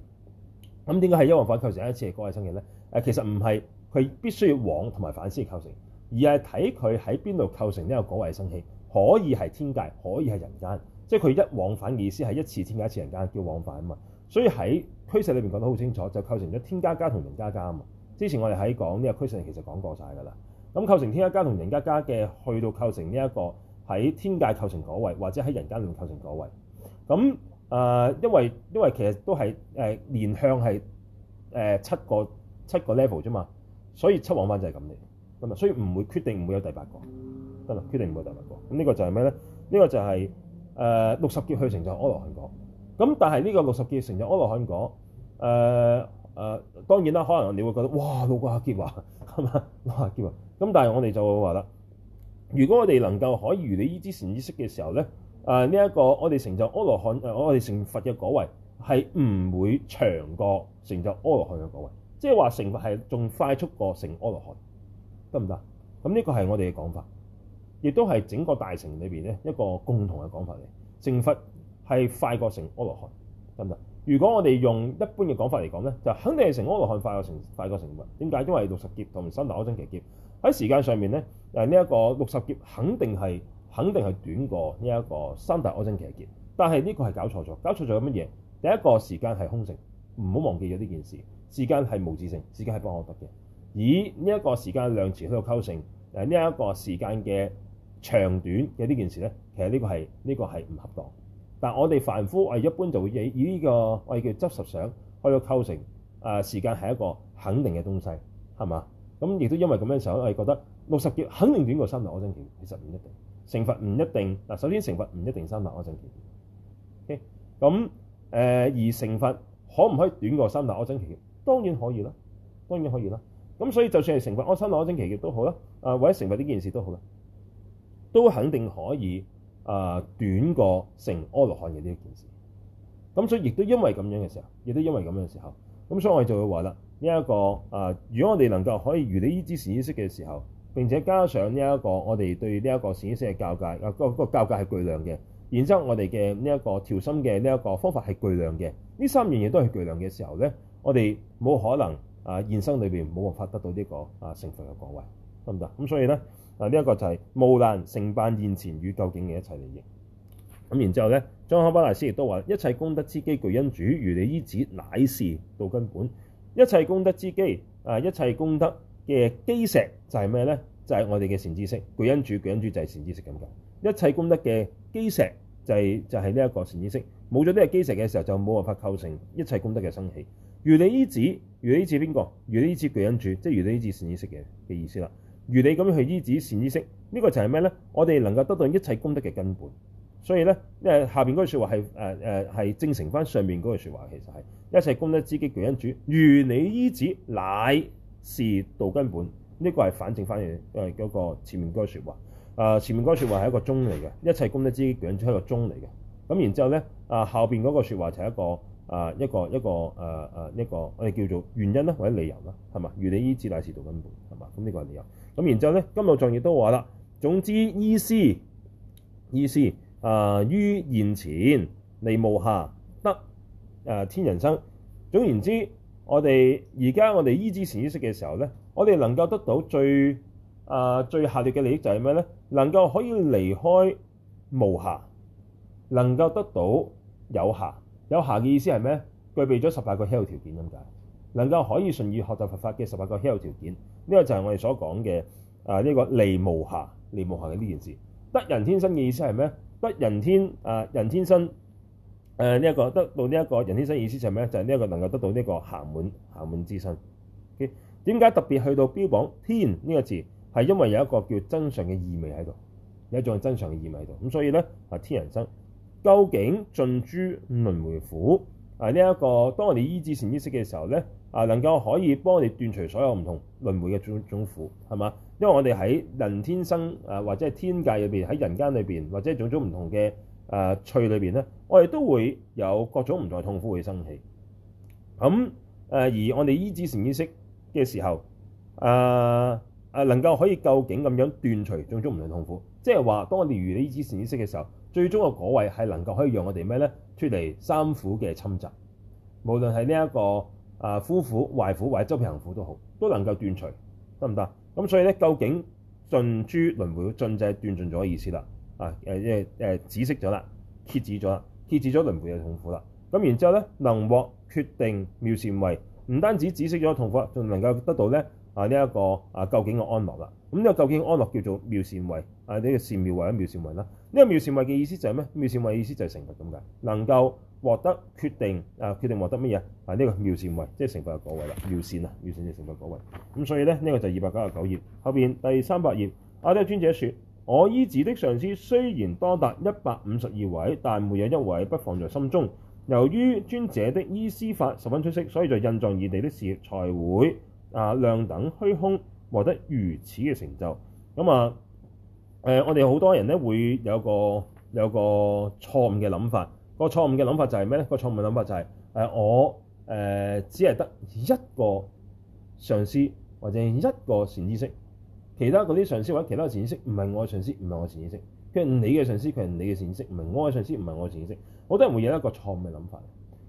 S1: 咁點解係一往返構成一次嘅果位生起咧？誒其實唔係佢必須要往同埋反先構成，而係睇佢喺邊度構成呢個果位生起。可以係天界，可以係人間，即係佢一往返嘅意思係一次天界一次人間叫往返啊嘛。所以喺趨勢裏面講得好清楚，就構成咗天家家同人家家啊嘛。之前我哋喺講呢個趨勢，其實講過晒㗎啦。咁構成天家家同人家家嘅，去到構成呢、這、一個喺天界構成嗰位，或者喺人間裡面構成嗰位。咁誒、呃，因為因為其實都係誒、呃、連向係誒、呃、七個七個 level 啫嘛，所以七往返就係咁嚟啊嘛。所以唔會決定唔會有第八個。得啦，決定唔會踏入過咁。呢個就係咩咧？呢、這個就係、是、誒、呃、六十劫去成就阿羅漢果。咁但係呢個六十劫去成就阿羅漢果誒誒，當然啦，可能你會覺得哇六十劫喎，係嘛，六十劫喎、啊、咁，但係我哋就會話啦，如果我哋能夠可以如理依止善知識嘅時候咧，誒呢一個我哋成就阿羅漢誒、呃，我哋成佛嘅果位係唔會長過成就阿羅漢嘅果位，即係話成佛係仲快速過成阿羅漢得唔得？咁呢個係我哋嘅講法。亦都係整個大乘裏邊咧，一個共同嘅講法嚟。成佛係快過成阿羅漢，得唔得？如果我哋用一般嘅講法嚟講咧，就肯定係成阿羅漢快過成快過成佛。點解？因為是六十劫同三大阿僧奇劫喺時間上面咧，誒呢一個六十劫肯定係肯定係短過呢一個三大阿僧奇劫。但係呢個係搞錯咗，搞錯咗乜嘢？第一個時間係空性，唔好忘記咗呢件事。時間係無自性，時間係不可得嘅。以呢一個時間量詞喺度溝性，誒呢一個時間嘅。長短嘅呢件事咧，其實呢個係呢、這個係唔恰當。但我哋凡夫、這個，我哋一般就會以呢個我哋叫執實想，開咗構成誒、呃、時間係一個肯定嘅東西，係嘛？咁亦都因為咁樣想，我哋覺得六十秒肯定短過三大阿僧祇，其實唔一定。成佛唔一定嗱，首先成佛唔一定三大阿僧祇。咁、okay? 誒、呃、而成佛可唔可以短過三大阿僧祇？當然可以啦，當然可以啦。咁所以就算係成佛安三大阿僧祇亦都好啦，啊、呃、或者成佛呢件事都好啦。都肯定可以啊、呃，短過成阿羅漢嘅呢一件事，咁所以亦都因為咁樣嘅時候，亦都因為咁樣嘅時候，咁所以我哋就會話啦，呢、這、一個啊、呃，如果我哋能夠可以如理依止善知識嘅時候，並且加上呢、這、一個我哋對呢一個善知識嘅教界啊，個、啊、個教界係巨量嘅，然之後我哋嘅呢一個調心嘅呢一個方法係巨量嘅，呢三樣嘢都係巨量嘅時候咧，我哋冇可能啊、呃、現生裏邊冇辦法得到呢、這個啊成佛嘅果位，得唔得？咁所以咧。嗱，呢一個就係無難成辦現前與究竟嘅一切利益。咁然之後咧，宗喀巴大師亦都話：一切功德之基，具恩主。如理依止，乃是道根本。一切功德之基，啊，一切功德嘅基石就係咩咧？就係、是、我哋嘅善知識。具恩主，具恩主就係善知識咁解。一切功德嘅基石就係、是、就係呢一個善知識。冇咗呢個基石嘅時候，就冇辦法構成一切功德嘅生起。如理依止，如理依止邊個？如理依止具恩主，即係如理依止善知識嘅嘅意思啦。如你咁樣去依止善知識，呢、這個就係咩咧？我哋能夠得到一切功德嘅根本。所以咧，因為下面嗰句說話係、呃呃、正承翻上面嗰句說話，其實係一切功德之基具恩主，如理依止乃是道根本。呢、這個係反正返嘅嗰個前面嗰句說話。誒、呃、前面嗰句說話係一個宗嚟嘅，一切功德之基具恩主係一個宗嚟嘅。咁然之後咧，啊、呃、後面嗰個說話就係一個啊、呃、一個一個誒、呃、一個我哋、呃、叫做原因啦或者理由啦，係嘛？如理依止乃是道根本，係嘛？咁呢個係理由。咁然之後咧，甘露藏亦都話啦：總之，依師，依師，啊、呃、於現前離無暇得，誒、呃、天人身。總言之，我哋而家我哋依止善知識嘅時候咧，我哋能夠得到最啊、呃、最下劣嘅利益就係咩咧？能夠可以離開無暇，能夠得到有暇。有暇嘅意思係咩？具備咗十八個暇滿條件咁解，能夠可以順意學習佛法嘅十八個暇滿條件。呢個就係我哋所講嘅啊呢、這個離無暇。離無暇嘅呢件事，得人天生嘅意思係咩？得人天啊人天生誒呢一個得到呢、這、一個人天生意思係咩？就係呢一個能夠得到呢個暇滿暇滿之身。點、okay? 解特別去到標榜天呢個字係因為有一個叫真相嘅意味喺度，有一種真相嘅意味喺度。咁所以咧啊天人生究竟盡諸輪迴苦啊呢一、這個當我哋依止善知識嘅時候咧。啊！能夠可以幫你斷除所有唔同輪迴嘅種種苦，係嘛？因為我哋喺人天生啊，或者係天界入邊喺人間裏邊，或者係種種唔同嘅啊、呃、趣裏邊咧，我哋都會有各種唔同嘅痛苦會生起。咁、嗯、誒、呃，而我哋依止善知識嘅時候，誒、呃、誒能夠可以究竟咁樣斷除種種唔同痛苦，即係話當我哋如理依止善知識嘅時候，最終嘅果位係能夠可以讓我哋咩咧出嚟三苦嘅侵襲，無論係呢一個。啊，苦苦壞苦或者周遍行苦都好，都能夠斷除，得唔得？咁所以咧，究竟盡諸輪迴盡即係斷盡咗嘅意思啦。啊，誒即係誒止息咗啦，揭止咗啦，揭止咗輪迴嘅痛苦啦。咁、啊、然之後咧，能獲決定妙善位，唔單止止息咗痛苦，仲能夠得到咧啊呢一、這個啊究竟嘅安樂啦。咁、啊、呢、這個究竟嘅安樂叫做妙善位啊呢、這個善妙或者妙善位啦。呢、啊這個妙善位嘅、這個、意思就係咩？妙善位嘅意思就係成佛咁嘅。能夠。獲得決定啊！決定獲得乜嘢啊？呢、這個妙善位，即、就、係、是、成佛嘅果位啦。妙善啊，妙善就成佛果位。咁所以咧，呢、這個就二百九十九頁後邊，第三百頁。阿底峽尊者說：我依止的上師雖然多達一百五十二位，但沒有一位不放在心中。由於尊者的依師法十分出色，所以在印藏二地的事業才會啊量等虛空，獲得如此嘅成就。咁啊誒、呃，我哋好多人咧會有個有個錯誤嘅諗法。個錯誤嘅諗法就係咩咧？個錯誤嘅諗法就係、是、我、呃、只係得一個上師或者一個善知識，其他嗰啲上師或者其他嘅善知識唔係我嘅上師，唔係我嘅善知識。佢係你嘅上師，佢係你嘅善知識，唔係我嘅上師，唔係我嘅善知識。好多人會有一個錯誤嘅諗法，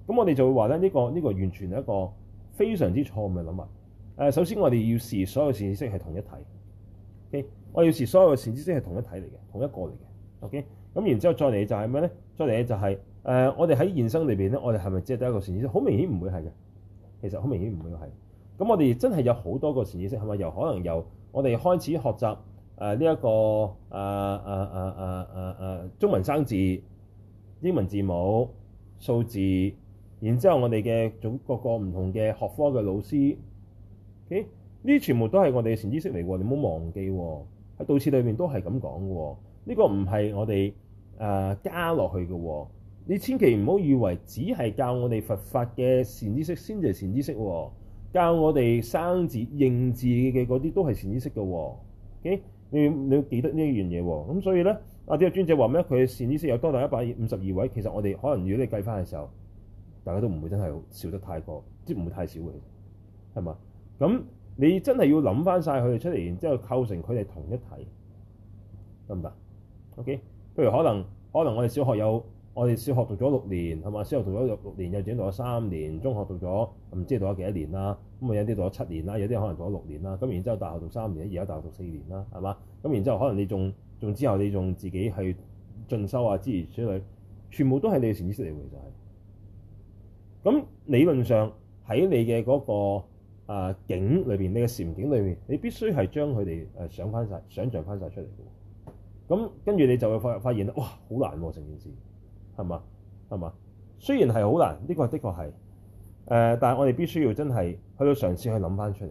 S1: 咁我哋就會話咧呢、這個呢、這個完全係一個非常之錯誤嘅諗法、呃。首先我哋要視所有善知識係同一體，O、okay? K，我要視所有善知識係同一體嚟嘅，同一個嚟嘅。O K，咁然之後再嚟就係咩咧？再嚟就係、是。誒、呃，我哋喺現生裏邊咧，我哋係咪只係得一個善知識？好明顯唔會係嘅。其實好明顯唔會係。咁我哋真係有好多個善知識，係咪？又可能由我哋開始學習誒呢一個誒誒誒誒誒誒中文生字、英文字母、數字，然之後我哋嘅總各個唔同嘅學科嘅老師，OK？呢啲全部都係我哋嘅善知識嚟喎。你唔好忘記喎，喺導師裏面都係咁講嘅。呢、這個唔係我哋誒、呃、加落去嘅。你千祈唔好以為只係教我哋佛法嘅善知識先就係善知識喎，教我哋生字認字嘅嗰啲都係善知識噶喎。OK，你你要記得呢樣嘢喎。咁所以咧，阿底峽尊者話咩？佢嘅善知識有多達一百五十二位，其實我哋可能如果你計翻嘅時候，大家都唔會真係少得太過，即係唔會太少嘅，係嘛？咁你真係要諗翻曬佢哋出嚟，然之後構成佢哋同一體得唔得？OK，譬如可能可能我哋小學有。我哋小學讀咗六年，係嘛？小學讀咗六年，又轉讀咗三年。中學讀咗唔知係讀咗幾多年啦。咁啊，有啲讀咗七年啦，有啲可能讀咗六年啦。咁然之後大學讀三年，而家大學讀四年啦，係嘛？咁然之後可能你仲仲之後，你仲自己去進修啊諸如此類，全部都係你嘅潛意識嚟嘅就係。咁理論上喺你嘅嗰個、呃、境裏邊，你嘅潛境裏面，你必須係將佢哋誒想翻晒、想像翻晒出嚟嘅。咁跟住你就會發發現哇，好難成件事，啊。係嘛？係嘛？雖然係好難，呢、這個的確係誒、呃，但係我哋必須要真係去到嘗試去諗翻出嚟，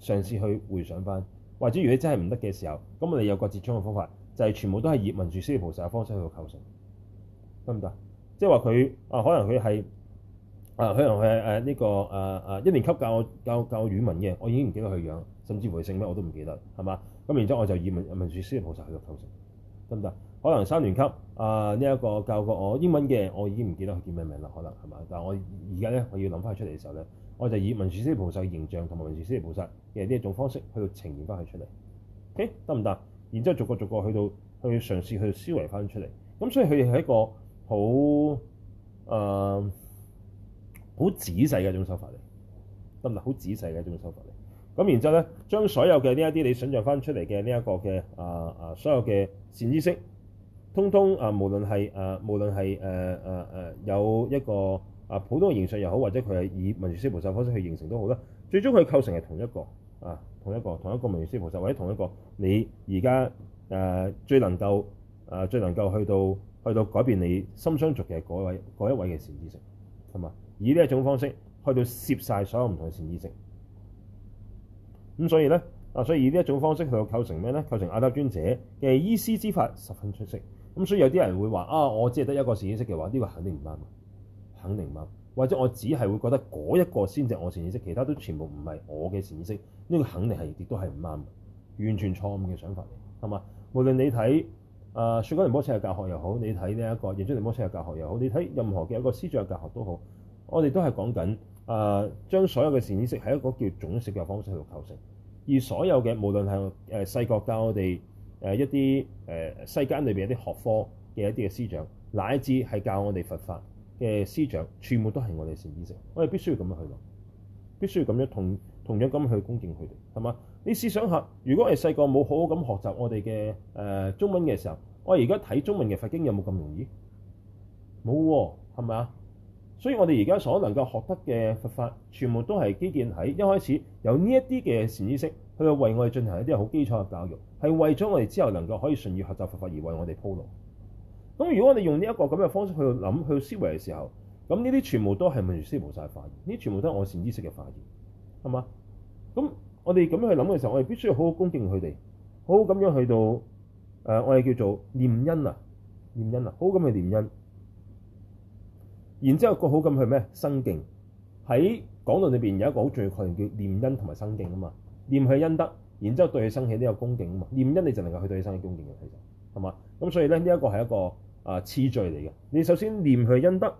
S1: 嘗試去回想翻，或者如果真係唔得嘅時候，咁我哋有一個折衷嘅方法，就係、是、全部都係以文殊師利菩薩嘅方式去到構成，得唔得？即係話佢啊，可能佢係啊，可能佢係誒呢個啊啊一年級教我教教我語文嘅，我已經唔記得佢樣，甚至乎佢姓咩我都唔記得，係嘛？咁然之後我就以文文殊師利菩薩去到構成，得唔得？可能三年級啊，呢一個教過我英文嘅，我已經唔記得佢叫咩名啦，可能係嘛？但係我而家咧，我要諗翻出嚟嘅時候咧，我就以文殊師利菩薩嘅形象同埋文殊師利菩薩嘅呢一種方式去到呈現翻佢出嚟，誒得唔得？然之後逐個逐個去到去嘗試去到思維翻出嚟，咁所以佢哋係一個好誒好仔細嘅一種手法嚟，得唔得？好仔細嘅一種手法嚟。咁然之後咧，將所有嘅呢一啲你想象翻出嚟嘅呢一個嘅啊啊所有嘅善知識。通通啊，無論係誒、啊，無論係誒誒誒，有一個啊普通嘅形相又好，或者佢係以文殊師菩薩方式去形成都好啦。最終佢構成係同一個啊，同一個同一個文殊師菩薩，或者同一個你而家誒最能夠誒、啊、最能夠去到去到改變你心相續嘅嗰位一位嘅善知識，這同埋以呢一種方式去到攝晒所有唔同嘅善知識。咁所以咧啊，所以以呢一種方式去到構成咩咧？構成阿底峽尊者嘅依師之法十分出色。咁所以有啲人會話啊，我只係得一個善知識嘅話，呢、這個肯定唔啱，肯定唔啱。或者我只係會覺得嗰一個先至我善知識，其他都全部唔係我嘅善知識，呢、這個肯定係亦都係唔啱完全錯誤嘅想法嚟，係嘛？無論你睇誒、呃、雪糕仁波切嘅教學又好，你睇呢一個真仁波切嘅教學又好，你睇任何嘅一個思想嘅教學都好，我哋都係講緊誒將所有嘅善知識喺一個叫總式嘅方式去構成，而所有嘅無論係誒細覺教我哋。誒、呃、一啲誒、呃、世間裏邊一啲學科嘅一啲嘅師長，乃至係教我哋佛法嘅師長，全部都係我哋嘅善知識。我哋必須要咁樣去諗，必須要咁樣同同樣咁去恭敬佢哋，係嘛？你試想下，如果我哋細個冇好好咁學習我哋嘅誒中文嘅時候，我而家睇中文嘅佛經有冇咁容易？冇喎、啊，係咪啊？所以我哋而家所能夠學得嘅佛法，全部都係基建喺一開始有呢一啲嘅善知識。佢係為我哋進行一啲好基礎嘅教育，係為咗我哋之後能夠可以順意學習佛法而為我哋鋪路。咁如果我哋用呢一個咁嘅方式去諗去思維嘅時候，咁呢啲全部都係咪如思無曬化現，呢啲全部都係我善知識嘅化現，係嘛？咁我哋咁樣去諗嘅時候，我哋必須要好好恭敬佢哋，好好咁樣去到誒、呃，我哋叫做念恩啊，念恩啊，好咁去念恩，然之後一個好咁去咩生敬，喺講論裏邊有一個好重要概念叫念恩同埋生敬啊嘛。念佢恩德，然之後對佢生起啲有恭敬啊嘛！念恩你就能夠去對佢生起恭敬嘅其實，係嘛？咁所以咧呢一個係一個啊次序嚟嘅。你首先念佢恩德，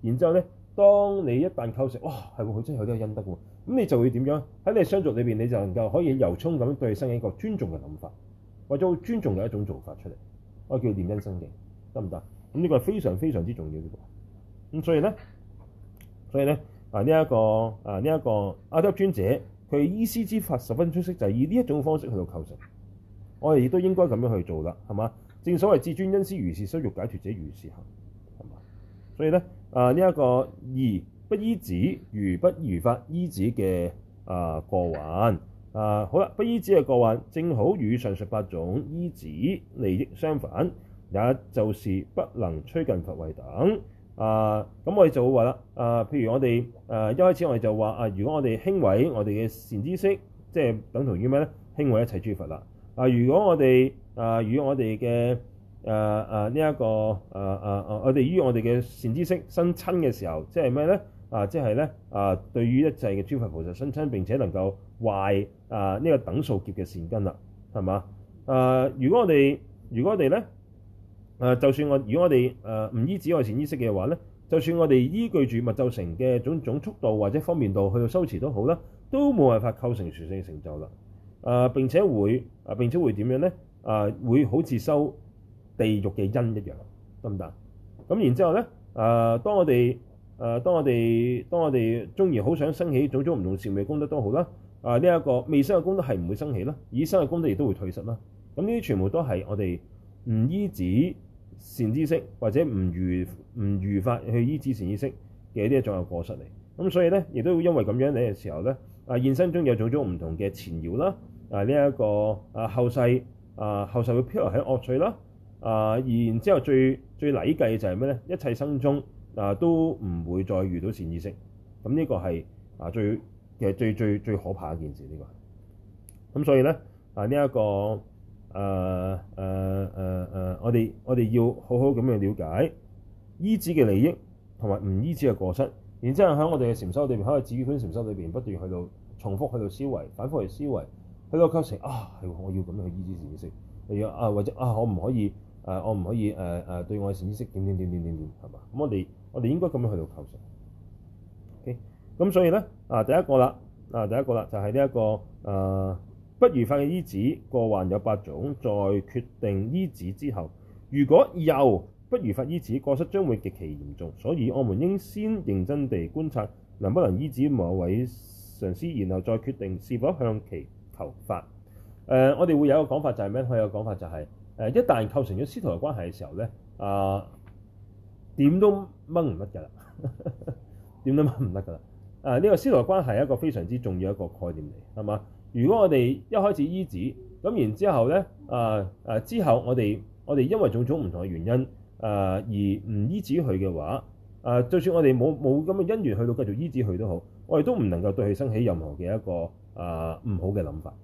S1: 然之後咧，當你一旦構成，哦，係喎，佢真係有啲恩德喎，咁你就會點樣喺你嘅相續裏面，你就能夠可以由衷咁對佢生起一個尊重嘅諗法，或者好尊重嘅一種做法出嚟，我叫念恩生敬，得唔得？咁、嗯、呢、這個係非常非常之重要嘅。咁所以咧，所以咧啊呢一、這個啊呢一、這個阿底峽尊者。佢依師之法十分出色，就係、是、以呢一種方式去到構成，我哋亦都應該咁樣去做啦，係嘛？正所謂自尊恩師如是，須欲解脫者如是行，係嘛？所以咧，啊呢一個二不依止如不如法依止嘅啊、呃、過患，啊、呃、好啦，不依止嘅過患，正好與上述八種依止利益相反，也就是不能趨近佛位等。啊，咁我哋就會話啦，啊，譬如我哋，誒、啊、一、啊、開始我哋就話，啊，如果我哋輕毀我哋嘅善知識，即、就、係、是、等同於咩咧？輕毀一切諸佛啦。啊，如果我哋，啊與我哋嘅，誒誒呢一個，誒誒誒，我哋與我哋嘅善知識生瞋嘅時候，即係咩咧？啊，即係咧，啊對於一切嘅諸佛菩薩生瞋，並且能夠壞啊呢、這個等數劫嘅善根啦，係嘛？誒、啊，如果我哋，如果我哋咧。誒、啊，就算我們如果我哋誒唔依止外善知識嘅話咧，就算我哋依據住物就成嘅種種速度或者方便度去到修持都好啦，都冇辦法構成殊勝嘅成就啦。誒、啊、並且會誒、啊、並且會點樣咧？誒、啊、會好似收地獄嘅因一樣，得唔得？咁然之後咧，誒、啊、當我哋誒、啊、當我哋、啊、當我哋中然好想升起種種唔同善妙功德都好啦，啊呢一、這個未生嘅功德係唔會升起啦，已生嘅功德亦都會退失啦。咁呢啲全部都係我哋唔依止善知識或者唔如唔如法去依止善知識嘅呢一種嘅過失嚟，咁所以咧亦都因為咁樣嘅時候咧啊現生中有種種唔同嘅纏繞啦啊呢一個啊後世啊後世會飄流喺惡趣啦啊然之後最最詬詬嘅就係咩咧？一切生中啊都唔會再遇到善知識，咁呢個係啊最其實最最最可怕一件事呢個，咁所以咧啊呢一個。誒誒誒誒，我哋我哋要好好咁樣了解依止嘅利益同埋唔依止嘅過失，然之後喺我哋嘅禪修裏面，喺個智本圈禪修裏面不斷去到重複去到思維，反覆去思維，去到構成啊，係我要咁樣去依止善知識，例啊或者啊，我唔可以啊，我唔可以誒誒、啊啊啊、對外善知識點點點點點點係嘛？咁我哋我哋應該咁樣去到構成。O、okay? 咁所以咧啊，第一個啦啊，第一個啦就係呢一個誒。啊不如法嘅依止過患有八種，在決定依止之後，如果又不如法依止，過失將會極其嚴重。所以我們應先認真地觀察，能不能依止某位上師，然後再決定是否向其求法。誒、呃，我哋會有一個講法就係、是、咩？佢有個講法就係、是、誒，一旦構成咗師徒嘅關係嘅時候咧，啊、呃，點都掹唔得㗎啦，點都掹唔得㗎啦。啊、呃，呢、這個師徒的關係係一個非常之重要一個概念嚟，係嘛？如果我哋一開始依止，咁然之後咧，啊啊之後我哋我哋因為種種唔同嘅原因，啊而唔依止佢嘅話，啊就算我哋冇冇咁嘅因緣去到繼續依止佢都好，我哋都唔能夠對佢生起任何嘅一個啊唔好嘅諗法。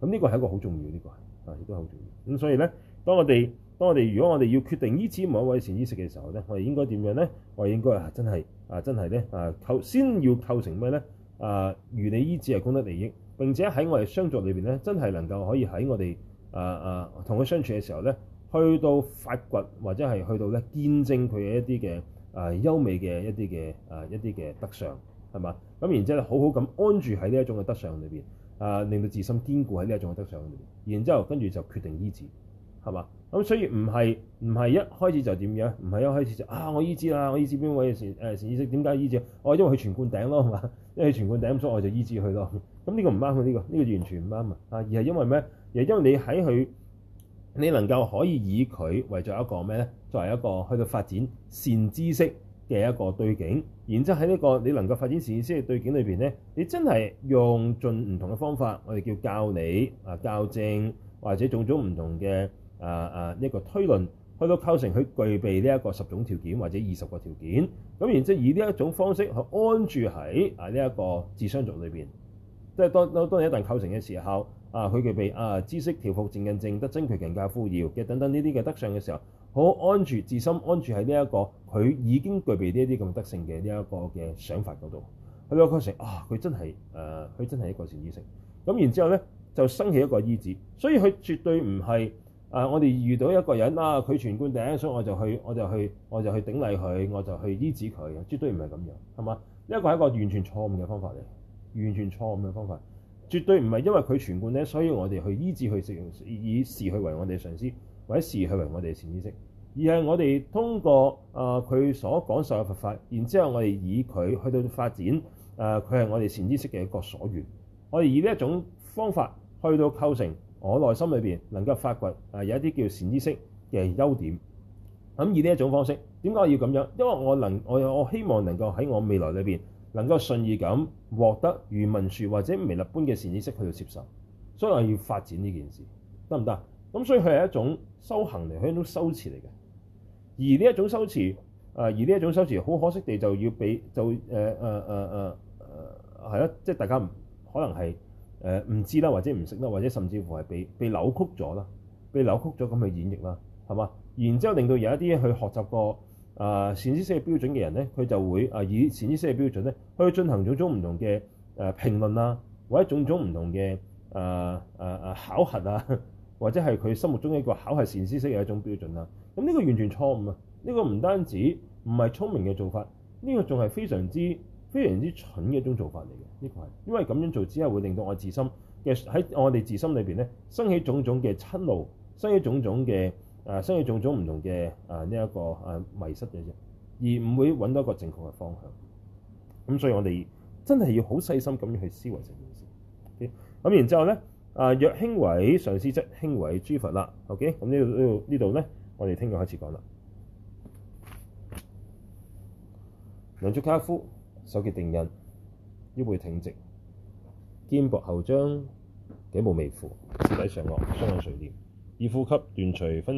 S1: 咁呢個係一個好重要的，呢、呢個係啊亦都好重要的。咁所以咧，當我哋當我哋如果我哋要決定依止某一位善知識嘅時候咧，我哋應該點樣咧？我哋應該啊真係啊真係咧啊構先要構成咩咧？啊如你依止係功德利益。並且喺我哋相作裏邊咧，真係能夠可以喺我哋啊啊同佢相處嘅時候咧，去到發掘或者係去到咧見證佢嘅一啲嘅啊優美嘅一啲嘅啊一啲嘅德相係嘛，咁然之後好好咁安住喺呢一種嘅德相裏邊啊，令到自身堅固喺呢一種嘅德相裏邊，然之後跟住就決定依止係嘛。是吧。咁、嗯、所以唔係唔係一開始就點樣？唔係一開始就啊，我醫治依止啦，我依止邊位善誒善知識，點解依止？我、哦、因為佢全灌頂咯，係嘛？因為佢全灌頂所以我就依止佢咯。咁、嗯、呢、這個唔啱嘅，呢、這個呢、這個完全唔啱啊！而係因為咩？而係因為你喺佢，你能夠可以以佢為作一個咩咧？作為一個去到發展善知識嘅一個對境，然之後喺呢個你能夠發展善知識嘅對境裏邊咧，你真係用盡唔同嘅方法，我哋叫教理、啊、教證或者種種唔同嘅。誒誒呢個推論去到構成佢具備呢一個十種條件或者二十個條件，咁然之後以呢一種方式去安住喺啊呢一個智商族裏邊，即係當當當你一旦構成嘅時候，啊佢具備啊知識調伏、啊、靜近靜、德增具勤、教富饒嘅等等呢啲嘅德性嘅時候，好安住自心安住喺呢一個佢已經具備呢一啲咁德性嘅呢一個嘅想法嗰度，佢就構成啊佢真係誒佢真係一個善知識。咁然之後咧就生起一個依止，所以佢絕對唔係。啊、我哋遇到一個人啊，佢全灌頂，所以我就去，我就去，我就去頂禮佢，我就去依止佢，絕對唔係咁樣，係嘛？呢一個係一個完全錯誤嘅方法嚟，完全錯誤嘅方法，絕對唔係因為佢全灌頂，所以我哋去依止佢，以視佢為我哋上師，或者視佢為我哋善知識，而係我哋通過佢、呃、所講授嘅佛法，然之後我哋以佢去到發展，佢、呃、係我哋善知識嘅一個所緣，我哋以呢一種方法去到構成。我內心裏邊能夠發掘誒有一啲叫善知識嘅優點，咁以呢一種方式，點解我要咁樣？因為我能我我希望能夠喺我未來裏邊能夠順意咁獲得如文殊或者彌勒般嘅善知識去到接受，所以我要發展呢件事得唔得？咁所以佢係一種修行嚟，佢係一種修持嚟嘅。而呢一種修持誒、呃，而呢一種修持好可惜地就要畀就誒誒誒誒誒係啦，即係大家可能係。誒唔、呃、知啦，或者唔識啦，或者甚至乎係被被扭曲咗啦，被扭曲咗咁去演繹啦，係嘛？然之後令到有一啲去學習過啊善知識嘅標準嘅人咧，佢就會啊以、呃、善知識嘅標準咧去進行種種唔同嘅誒評論啦，或者種種唔同嘅誒、呃啊、考核啊，或者係佢心目中一個考核善知識嘅一種標準啦、啊。咁呢個完全錯誤啊！呢、這個唔單止唔係聰明嘅做法，呢、這個仲係非常之。非常之蠢嘅一種做法嚟嘅，呢個係因為咁樣做只係會令到我自心嘅喺我哋自心裏邊咧，生起種種嘅嗔怒，生起種種嘅誒、啊，生起種種唔同嘅誒呢一個誒、啊、迷失嘅啫，而唔會揾到一個正確嘅方向。咁所以我哋真係要好細心咁樣去思維成件事。啲、okay? 咁然之後咧，誒、啊、若輕毀上師則輕毀諸佛啦。OK，咁呢度呢度呢度咧，我哋聽日開始講啦。梁祝卡夫。手結定印，腰背挺直，肩膊後張，頸部微負，腰底上顎，雙眼垂簾，以呼吸斷除分。